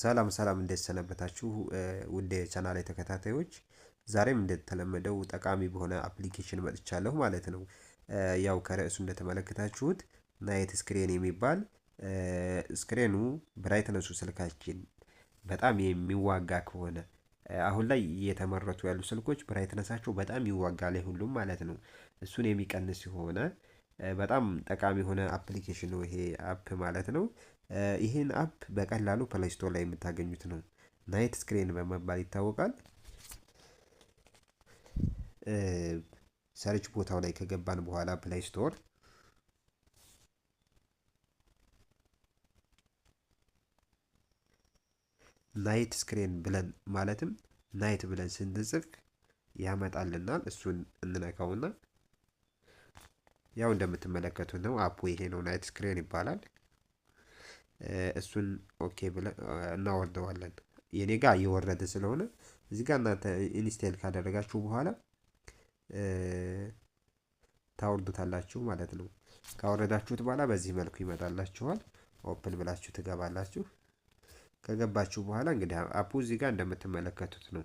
ሰላም ሰላም እንደተሰነበታችሁ ውድ የቻናል ተከታታዮች፣ ዛሬም እንደተለመደው ጠቃሚ በሆነ አፕሊኬሽን መጥቻለሁ ማለት ነው። ያው ከርዕሱ እንደተመለከታችሁት ናይት ስክሪን የሚባል ስክሪኑ ብራይትነሱ ስልካችን በጣም የሚዋጋ ከሆነ አሁን ላይ እየተመረቱ ያሉ ስልኮች ብራይትነሳቸው በጣም ይዋጋል ሁሉም ማለት ነው። እሱን የሚቀንስ የሆነ በጣም ጠቃሚ የሆነ አፕሊኬሽን ነው ይሄ አፕ ማለት ነው። ይህን አፕ በቀላሉ ፕሌይ ስቶር ላይ የምታገኙት ነው። ናይት ስክሪን በመባል ይታወቃል። ሰርች ቦታው ላይ ከገባን በኋላ ፕሌይ ስቶር ናይት ስክሪን ብለን ማለትም ናይት ብለን ስንጽፍ ያመጣልናል። እሱን እንነካውና ያው እንደምትመለከቱት ነው። አፑ ይሄ ነው፣ ናይት ስክሪን ይባላል። እሱን ኦኬ ብለን እናወርደዋለን። የኔ ጋር እየወረደ ስለሆነ እዚህ ጋር እናንተ ኢንስቴል ካደረጋችሁ በኋላ ታወርዱታላችሁ ማለት ነው። ካወረዳችሁት በኋላ በዚህ መልኩ ይመጣላችኋል። ኦፕን ብላችሁ ትገባላችሁ። ከገባችሁ በኋላ እንግዲህ አፑ እዚህ ጋር እንደምትመለከቱት ነው።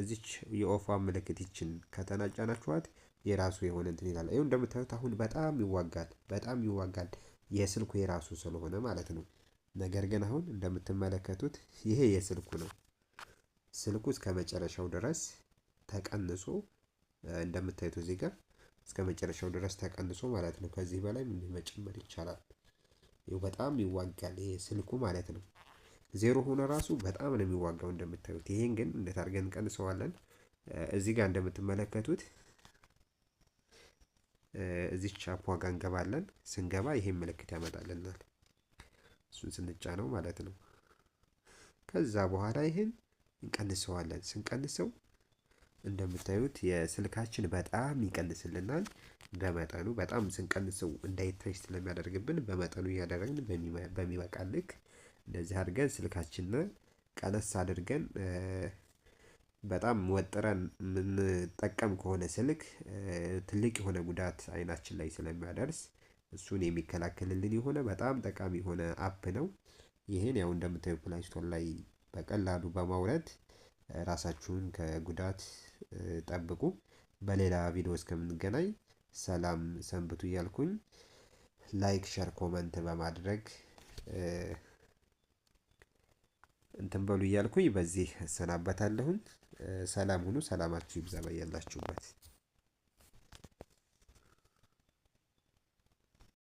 እዚች የኦፏ ምልክት ይችን ከተናጫናችኋት የራሱ የሆነ እንትን ይላል። ይኸው እንደምታዩት አሁን በጣም ይዋጋል፣ በጣም ይዋጋል የስልኩ የራሱ ስለሆነ ማለት ነው። ነገር ግን አሁን እንደምትመለከቱት ይሄ የስልኩ ነው። ስልኩ እስከ መጨረሻው ድረስ ተቀንሶ እንደምታዩት እዚህ ጋር እስከ መጨረሻው ድረስ ተቀንሶ ማለት ነው። ከዚህ በላይ ምን መጨመር ይቻላል? በጣም ይዋጋል ይሄ ስልኩ ማለት ነው። ዜሮ ሆነ ራሱ በጣም ነው የሚዋጋው እንደምታዩት። ይሄን ግን እንዴት አድርገን እንቀንሰዋለን? እዚህ ጋር እንደምትመለከቱት እዚች ቻፕ ዋጋ እንገባለን። ስንገባ ይሄን ምልክት ያመጣልናል። እሱን ስንጫ ነው ማለት ነው። ከዛ በኋላ ይህን እንቀንሰዋለን። ስንቀንሰው እንደምታዩት የስልካችን በጣም ይቀንስልናል። በመጠኑ በጣም ስንቀንሰው እንዳይታይ ስለሚያደርግብን በመጠኑ እያደረግን በሚበቃ ልክ እንደዚህ አድርገን ስልካችንን ቀነስ አድርገን በጣም ወጥረን የምንጠቀም ከሆነ ስልክ ትልቅ የሆነ ጉዳት አይናችን ላይ ስለሚያደርስ እሱን የሚከላከልልን የሆነ በጣም ጠቃሚ የሆነ አፕ ነው። ይህን ያው እንደምታዩ ፕላይ ስቶር ላይ በቀላሉ በማውረድ ራሳችሁን ከጉዳት ጠብቁ። በሌላ ቪዲዮ እስከምንገናኝ ሰላም ሰንብቱ እያልኩኝ ላይክ፣ ሸር፣ ኮመንት በማድረግ እንትን በሉ እያልኩኝ በዚህ እሰናበታለሁኝ። ሰላም ሁኑ። ሰላማችሁ ይብዛ በያላችሁበት።